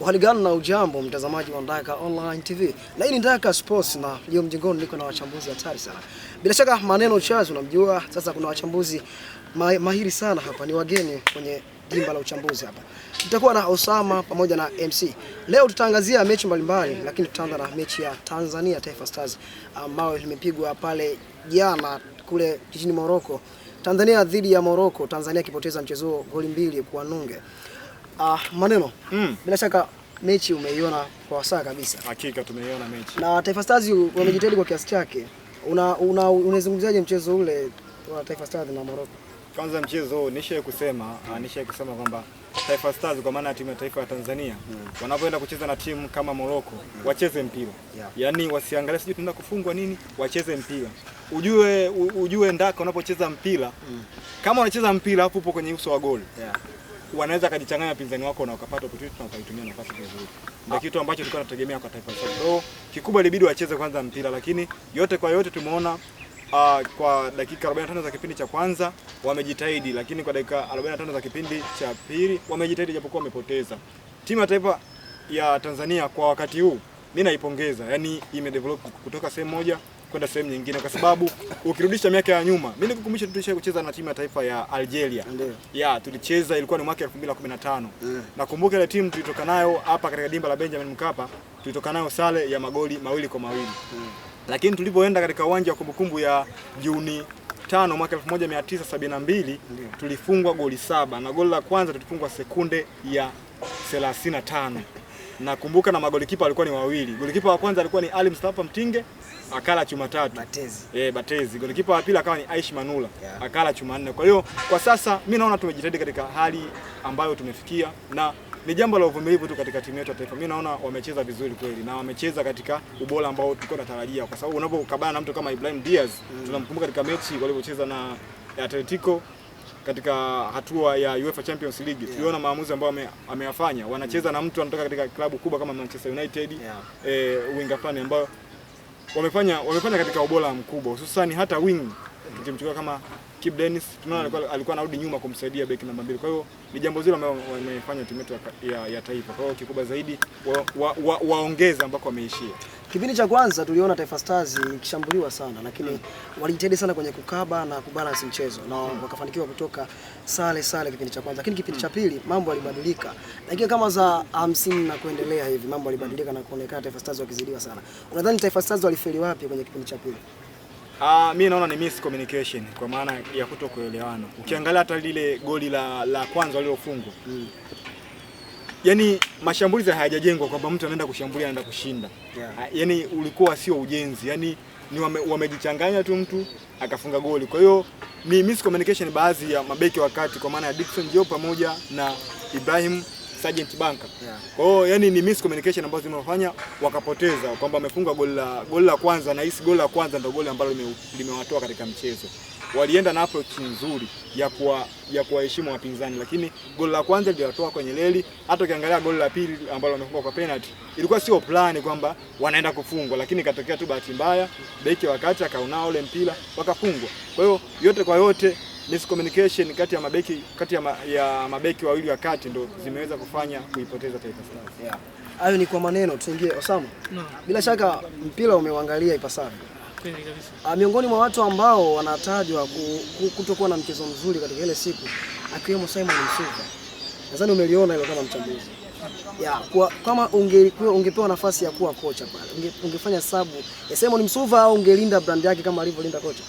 Uhali gani na ujambo mtazamaji wa Ndaka Online TV. Na hii ni Ndaka Sports na leo mjengoni niko na wachambuzi hatari sana. Bila shaka maneno chazo unamjua, sasa kuna wachambuzi ma mahiri sana hapa, ni wageni kwenye dimba la uchambuzi hapa. Tutakuwa na Osama pamoja na MC. Leo tutaangazia mechi mbalimbali lakini tutaanza na mechi ya Tanzania Taifa Stars ambayo imepigwa pale jana kule jijini Morocco. Tanzania dhidi ya Morocco, Tanzania ikipoteza mchezo goli mbili kwa nunge. Ah, maneno mm. Bila shaka mechi umeiona kwa saa kabisa. Hakika tumeiona mechi na Taifa Stars wamejitahidi mm. kwa kiasi chake. Una, una, unazungumziaje mchezo ule wa Taifa Stars na Morocco? Kwanza mchezo huu kusema mm. Ah, nishaye kusema kwamba Taifa Stars kwa maana ya timu ya taifa ya Tanzania mm. wanapoenda kucheza na timu kama Morocco mm. wacheze mpira yeah. Yaani wasiangalie sijui tunaenda kufungwa nini, wacheze mpira. Ujue ujue ndaka unapocheza mpira mm. kama unacheza mpira hapo upo kwenye uso wa goli yeah wanaweza kujichanganya pinzani wako na ukapata opportunity na kuitumia nafasi vizuri. Ndio ah. kitu ambacho tulikuwa tunategemea kwa Taifa Stars. So kikubwa ilibidi wacheze kwanza mpira, lakini yote kwa yote tumeona uh, kwa dakika 45 za kipindi cha kwanza wamejitahidi, lakini kwa dakika 45 za kipindi cha pili wamejitahidi japokuwa wamepoteza. Timu ya taifa ya Tanzania kwa wakati huu mimi naipongeza, yaani imedevelop kutoka sehemu moja kwenda sehemu nyingine, kwa sababu ukirudisha miaka ya nyuma, mimi nikukumbusha, tulisha kucheza na timu ya taifa ya Algeria ya tulicheza, ilikuwa ni mwaka 2015 eh. nakumbuka ile timu tulitoka nayo hapa katika dimba la Benjamin Mkapa, tulitoka nayo sare ya magoli mawili kwa mawili mm. Lakini tulipoenda katika uwanja wa kumbukumbu ya Juni tano mwaka 1972 tulifungwa goli saba na goli la kwanza tulifungwa sekunde ya 35 nakumbuka na magolikipa alikuwa ni wawili. Golikipa wa kwanza alikuwa ni Ali Mustafa Mtinge akala chuma tatu. Batezi. Eh, Batezi. Golikipa wa pili akawa ni aish Manula yeah. akala chuma nne. Kwa hiyo kwa sasa mimi naona tumejitahidi katika hali ambayo tumefikia na ni jambo la uvumilivu tu katika timu yetu ya taifa. Mimi naona wamecheza vizuri kweli na wamecheza katika ubora ambao tulikuwa tunatarajia, kwa sababu unapokabana na mtu kama Ibrahim Diaz mm. tunamkumbuka katika mechi walivyocheza na Atletico katika hatua ya UEFA Champions League yeah. Tuliona maamuzi ambayo ameyafanya ame wanacheza mm. na mtu anatoka katika klabu kubwa kama Manchester United yeah. eh, winga fulani ambayo wamefanya wamefanya katika ubora mkubwa hususani hata wing tukimchukua kama Kip Dennis tunaona mm. alikuwa anarudi nyuma kumsaidia beki namba mbili. Kwa hiyo ni jambo zile ambalo wamefanya timu yetu ya, ya taifa. Kwa hiyo kikubwa zaidi waongeze wa, wa, wa ambako wameishia. Kipindi cha kwanza tuliona Taifa Stars ikishambuliwa sana, lakini mm. walijitahidi sana kwenye kukaba na kubalance mchezo na mm. wakafanikiwa kutoka sale sale kipindi cha kwanza, lakini kipindi mm. cha pili mambo yalibadilika. Dakika kama za hamsini na kuendelea hivi mambo yalibadilika na kuonekana Taifa Stars wakizidiwa sana. Unadhani Taifa Stars walifeli wapi kwenye kipindi cha pili? Uh, mi naona ni miscommunication kwa maana ya kutokuelewana. Ukiangalia hata lile goli la, la kwanza walilofungwa mm. Yaani mashambulizi hayajajengwa kwamba mtu anaenda kushambulia anaenda kushinda yeah. Ah, yaani ulikuwa sio ujenzi, yaani ni wame, wamejichanganya tu mtu akafunga goli. Kwa hiyo ni miscommunication baadhi ya mabeki wakati kwa maana ya Dickson Job pamoja na Ibrahim Sergeant Banka. Kwa hiyo yeah. Yani ni miscommunication ambazo zimewafanya wakapoteza kwamba amefunga goli la goli la kwanza na hisi goli la kwanza ndio goli ambalo limewatoa katika mchezo. Walienda na approach nzuri ya kuwa ya kuwaheshimu wapinzani, lakini goli la kwanza liliwatoa kwenye leli. Hata ukiangalia goli la pili ambalo wamefunga kwa penalty, ilikuwa sio plan kwamba wanaenda kufungwa, lakini katokea tu bahati mbaya, beki wakati akaona ule mpira wakafungwa. Kwa hiyo yote kwa yote miscommunication kati ya mabeki kati ya, ma, ya mabeki wawili wa kati ndo zimeweza kufanya kuipoteza Taifa Stars. Yeah. Hayo ni kwa maneno, tuingie Osama. No. Bila shaka mpira umeuangalia ipasavyo. Okay, ah, miongoni mwa watu ambao wanatajwa kutokuwa na mchezo mzuri katika ile siku akiwemo Simon Msuva. Nadhani umeliona hilo kama mchambuzi. Ya, kwa, kama unge, ungepewa nafasi ya kuwa kocha pale, unge, ungefanya sabu ya Simon Msuva au ungelinda brand yake kama alivyolinda kocha?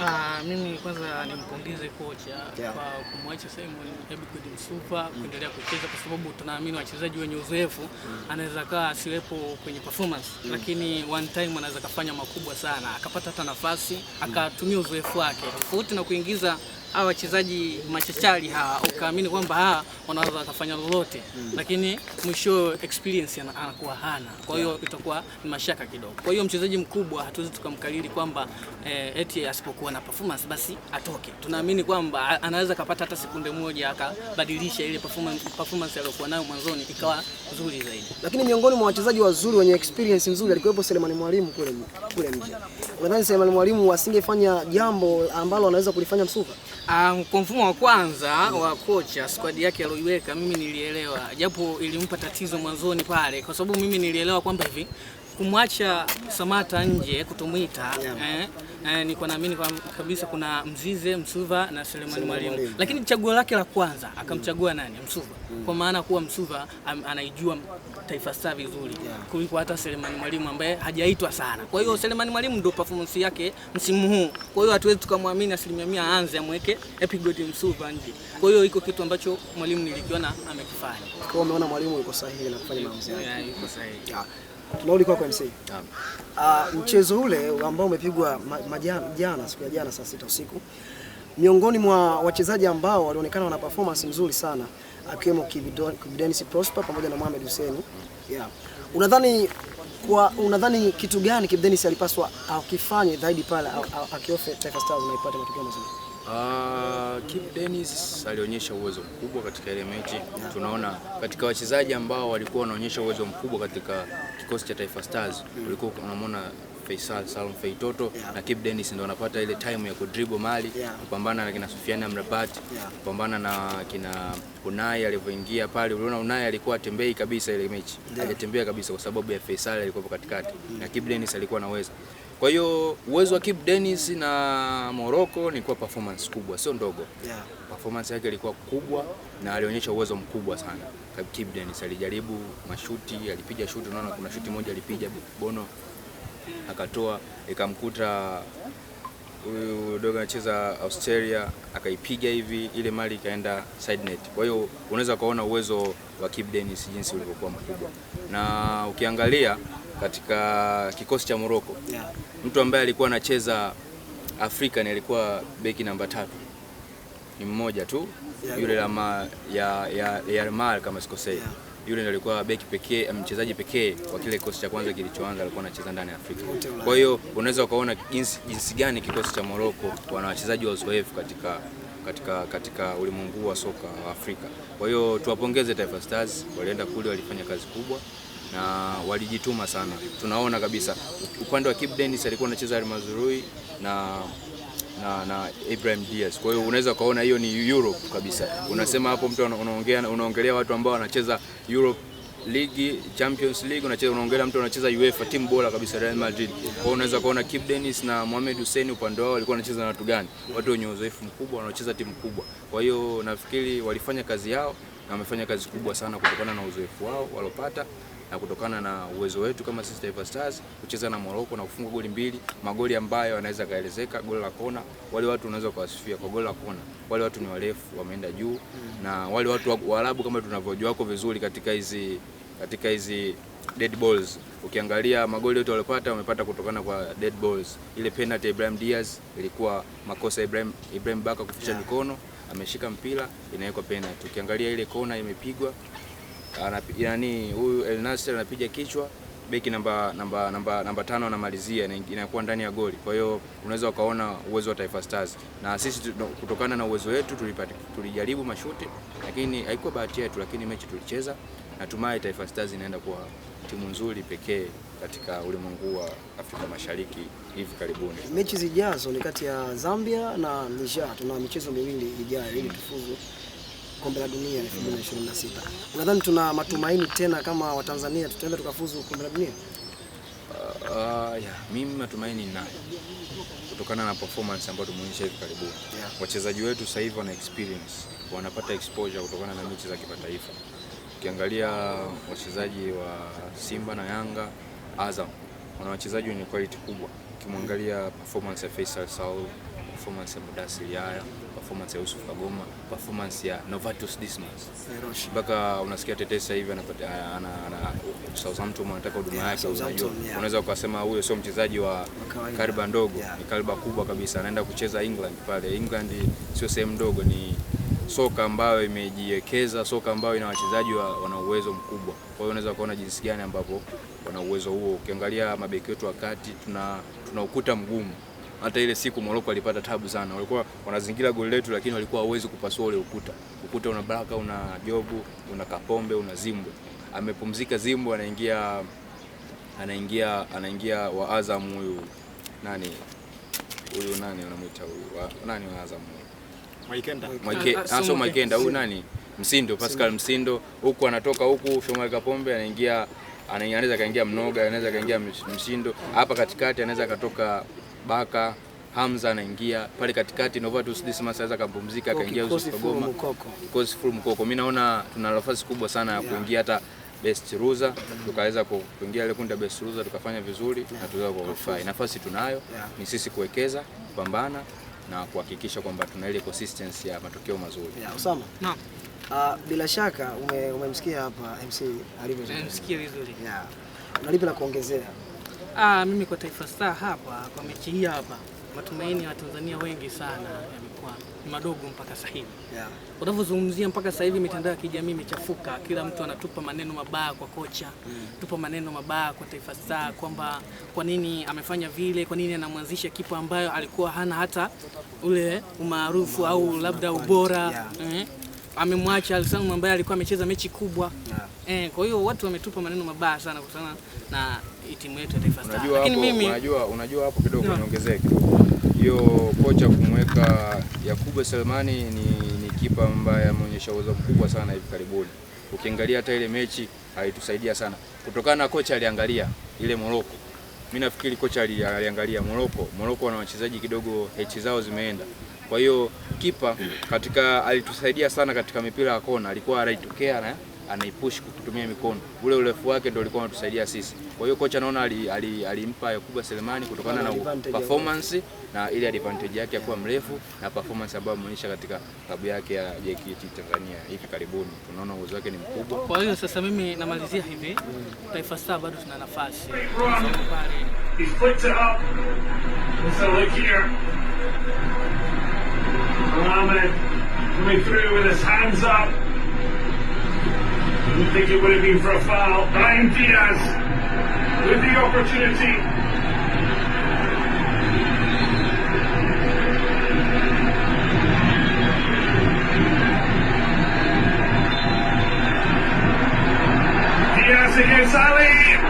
Ah, mimi kwanza nimpongeze kocha yeah, kwa kumwacha Simon Abigud Msupa mm, kuendelea kucheza kwa sababu tunaamini wachezaji wenye uzoefu mm, anaweza kaa asiwepo kwenye performance mm, lakini one time anaweza kafanya makubwa sana, akapata hata nafasi mm. akatumia uzoefu wake tofauti na kuingiza hawa wachezaji machachari hawa, ukaamini kwamba hawa wanaweza wakafanya lolote mm. Lakini mwisho experience anakuwa hana, kwa hiyo yeah. Itakuwa ni mashaka kidogo. Kwa hiyo mchezaji mkubwa hatuwezi tukamkalili kwamba eh, eti asipokuwa na performance basi atoke. Tunaamini kwamba anaweza kapata hata sekunde moja akabadilisha ile performance, performance aliyokuwa nayo mwanzoni ikawa nzuri zaidi. Lakini miongoni mwa wachezaji wazuri wenye experience nzuri alikuwepo Selemani Mwalimu kule kule nje. Unadhani Selemani Mwalimu asingefanya jambo ambalo anaweza kulifanya Msuva. Um, kwa mfumo wa kwanza wa kocha squad yake aliyoiweka mimi nilielewa, japo ilimpa tatizo mwanzoni pale, kwa sababu mimi nilielewa kwamba hivi kumwacha Samata nje kutumwita Eh, eh, naamini kwa kabisa kuna Mzize, Msuva na Selemani Mwalimu, lakini chaguo lake la kwanza akamchagua nani? Msuva, mm. kwa maana kuwa Msuva anaijua Taifa Stars vizuri yeah, kuliko hata Selemani Mwalimu ambaye hajaitwa sana. Kwa hiyo Selemani Mwalimu ndio performance yake msimu huu, kwa hiyo hatuwezi tukamwamini asilimia mia aanze amweke Epigodi Msuva nje. Kwa hiyo iko kitu ambacho mwalimu nilikiona amekifanya. Kwa hiyo umeona mwalimu yuko sahihi na kufanya maamuzi yake. Yeah, yuko sahihi. Yeah. Tunarudi kwa MC. Uh, ah, mchezo ule ambao umepigwa jana siku ya jana saa sita usiku, miongoni mwa wachezaji ambao walionekana wana performance nzuri sana akiwemo Kibidensi Prosper pamoja na Mohamed Hussein. Yeah. Unadhani kwa unadhani kitu gani Kibidensi alipaswa akifanye zaidi pale akiofe Taifa Stars na ipate matokeo mazuri? Uh, ah, Kip Dennis alionyesha uwezo mkubwa katika ile mechi yeah. Tunaona katika wachezaji ambao walikuwa wanaonyesha uwezo mkubwa katika kikosi cha Taifa Stars mm. Ulikuwa unamwona Faisal Salum Feitoto yeah. na Kip Dennis ndio wanapata ile time ya kudribble mali yeah. kupambana na kina Sufiani Amrabat yeah. kupambana na kina Unai alivyoingia pale, uliona Unai alikuwa atembei kabisa ile mechi yeah. alitembea kabisa kwa sababu ya Faisal alikuwa katikati mm. na Kip Dennis alikuwa anaweza kwa hiyo uwezo wa Kip Dennis na Morocco ni kwa performance kubwa, sio ndogo yeah. Performance yake ilikuwa kubwa na alionyesha uwezo mkubwa sana. Kip Dennis alijaribu mashuti, alipiga shuti, unaona kuna shuti moja alipiga Bono akatoa ikamkuta huyu dogo anacheza Australia akaipiga hivi, ile mali ikaenda side net. Kwa hiyo unaweza kuona uwezo wa Kibu Denis jinsi ulivyokuwa mkubwa, na ukiangalia katika kikosi cha Morocco mtu ambaye alikuwa anacheza Afrika ni alikuwa beki namba tatu, ni mmoja tu yule ya, ya, ya, ya kama sikosei yule ndiye alikuwa beki pekee, eh, mchezaji pekee kwa kile kikosi cha kwanza kilichoanza alikuwa anacheza ndani ya Afrika. Kwa hiyo unaweza ukaona jinsi, jinsi gani kikosi cha Morocco wana wachezaji wazoefu katika katika, katika ulimwengu wa soka wa Afrika. Kwa hiyo tuwapongeze Taifa Stars, walienda kule walifanya kazi kubwa na walijituma sana. Tunaona kabisa upande wa Kipdenis alikuwa anacheza Al Mazrui na na na Ibrahim Diaz. Kwa hiyo unaweza ukaona hiyo ni Europe kabisa. Unasema hapo mtu unaongea unaongelea watu ambao wanacheza Europe ligi Champions League, unacheza unaongelea mtu anacheza UEFA, timu bora kabisa Real Madrid. Kwa unaweza kuona Kip Dennis na Mohamed Hussein upande wao walikuwa wanacheza na watu gani? Watu wenye uzoefu mkubwa wanaocheza timu kubwa. Kwa hiyo nafikiri walifanya kazi yao na wamefanya kazi kubwa sana kutokana na uzoefu wao walopata na kutokana na uwezo wetu kama sisi Taifa Stars kucheza na Morocco na kufunga goli mbili, magoli ambayo yanaweza kaelezeka. Goli la kona, wale watu unaweza kuwasifia kwa goli la kona, wale watu ni warefu, wameenda juu mm. na wale watu Waarabu kama tunavyojua wako vizuri katika hizi katika hizi dead balls. Ukiangalia magoli yote waliopata wamepata kutokana kwa dead balls. Ile penalty ya Ibrahim Diaz ilikuwa makosa Ibrahim Ibrahim Baka kuficha mikono yeah ameshika mpira inawekwa penalty. Ukiangalia ile kona imepigwa, yani huyu El Nasser anapiga kichwa beki namba namba namba namba tano anamalizia inakuwa ndani ya goli. Kwa hiyo unaweza ukaona uwezo wa Taifa Stars, na sisi kutokana na uwezo wetu tulipati, tulijaribu mashuti lakini haikuwa bahati yetu, lakini mechi tulicheza. Natumai Taifa Stars inaenda kuwa timu nzuri pekee katika ulimwengu wa Afrika Mashariki hivi karibuni. Mechi zijazo ni kati ya Zambia na Niger, tuna michezo miwili ijayo ili tufuzu kombe la dunia 2026. Unadhani tuna matumaini tena kama Watanzania tutaenda tukafuzu kombe la dunia? Uh, uh, yeah. Mimi matumaini ninayo kutokana na performance ambayo tumeonyesha hivi karibuni yeah. Wachezaji wetu sasa hivi wana experience, wanapata exposure kutokana na mechi za kimataifa. Ukiangalia wachezaji wa Simba na Yanga, Azam wana wachezaji wenye quality kubwa. Ukimwangalia performance ya Faisal Saul performance ya Mudasiri Yahya, performance ya Yusuf Kagoma, performance ya Novatus Dismas. Mpaka unasikia tetesa hivi anapata ana, ana, ana Southampton anataka huduma yake, unajua. Yeah. Unaweza ukasema huyo sio mchezaji wa kariba ndogo, yeah. ni kariba kubwa kabisa. Anaenda kucheza England pale. England sio sehemu ndogo, ni soka ambayo imejiwekeza, soka ambayo ina wachezaji wa, wana uwezo mkubwa. Kwa hiyo unaweza kuona jinsi gani ambapo wana uwezo huo. Ukiangalia mabeki wetu wakati tuna, tuna ukuta mgumu hata ile siku Morocco alipata tabu sana, walikuwa wanazingira goli letu, lakini walikuwa hawezi kupasua ule ukuta. Ukuta una Baraka, una Jobu, una Kapombe, una Zimbwe. Amepumzika Zimbwe, anaingia anaingia anaingia wa Azam huyu nani huyu nani anamuita huyu nani wa Azam huyu Mwaikenda, ah, ah, huyu nani Msindo, Pascal Msindo huku anatoka huku Shomari Kapombe anaingia anaweza kaingia Mnoga, anaweza kaingia Msindo hapa katikati, anaweza katoka Baka Hamza anaingia pale katikati, Novatus Dismas aweza akampumzika akaingia Kagoma, kikosi full mkoko. Mimi naona tuna nafasi kubwa sana ya kuingia hata best loser tukaweza kuingia ile kundi best loser tukafanya vizuri yeah. na tuweza qualify. Nafasi tunayo yeah. ni sisi kuwekeza, kupambana na kuhakikisha kwamba tuna ile consistency ya matokeo mazuri yeah. Usama. No. Uh, bila shaka umemsikia ume hapa MC alivyozungumza. Nimemsikia vizuri. Yeah. Na lipi la kuongezea? Ah, mimi kwa Taifa Star hapa kwa mechi hii hapa, matumaini ya Watanzania wengi sana yamekuwa ni madogo mpaka sasa hivi yeah. Unavyozungumzia mpaka sasa hivi mitandao ya kijamii imechafuka, kila mtu anatupa maneno mabaya kwa kocha mm. tupa maneno mabaya kwa Taifa Star kwamba kwa nini amefanya vile, kwa nini anamwanzisha kipa ambayo alikuwa hana hata ule umaarufu au labda ubora yeah. mm. amemwacha Alisangu ambaye alikuwa amecheza mechi kubwa yeah. eh, kwa hiyo watu wametupa maneno mabaya sana sana na timu yetu ya Taifa Stars. Unajua hapo, mimi... unajua, unajua hapo kidogo niongezeke Hiyo kocha kumweka Yakubu Selmani ni, ni kipa ambaye ameonyesha uwezo mkubwa sana hivi karibuni. Ukiangalia hata ile mechi alitusaidia sana kutokana na kocha aliangalia ile Moroko. Mimi nafikiri kocha aliangalia Moroko. Moroko wana wachezaji kidogo hechi zao zimeenda, kwa hiyo kipa katika alitusaidia sana katika mipira ya kona, alikuwa anaitokea na anaipush kutumia mikono, ule urefu wake ndio ulikuwa unatusaidia sisi. Kwa hiyo kocha naona alimpa ali, ali Yakuba Selemani kutokana na performance na ile advantage yake ya kuwa mrefu na performance ambayo ameonyesha katika klabu yake ya JKT Tanzania hivi karibuni, tunaona uwezo wake ni mkubwa. Kwa hiyo sasa mimi namalizia hivi, Taifa Stars bado tuna nafasi up. Didn't think it would have been for a foul. Brian Diaz with the opportunity. Diaz against Ali.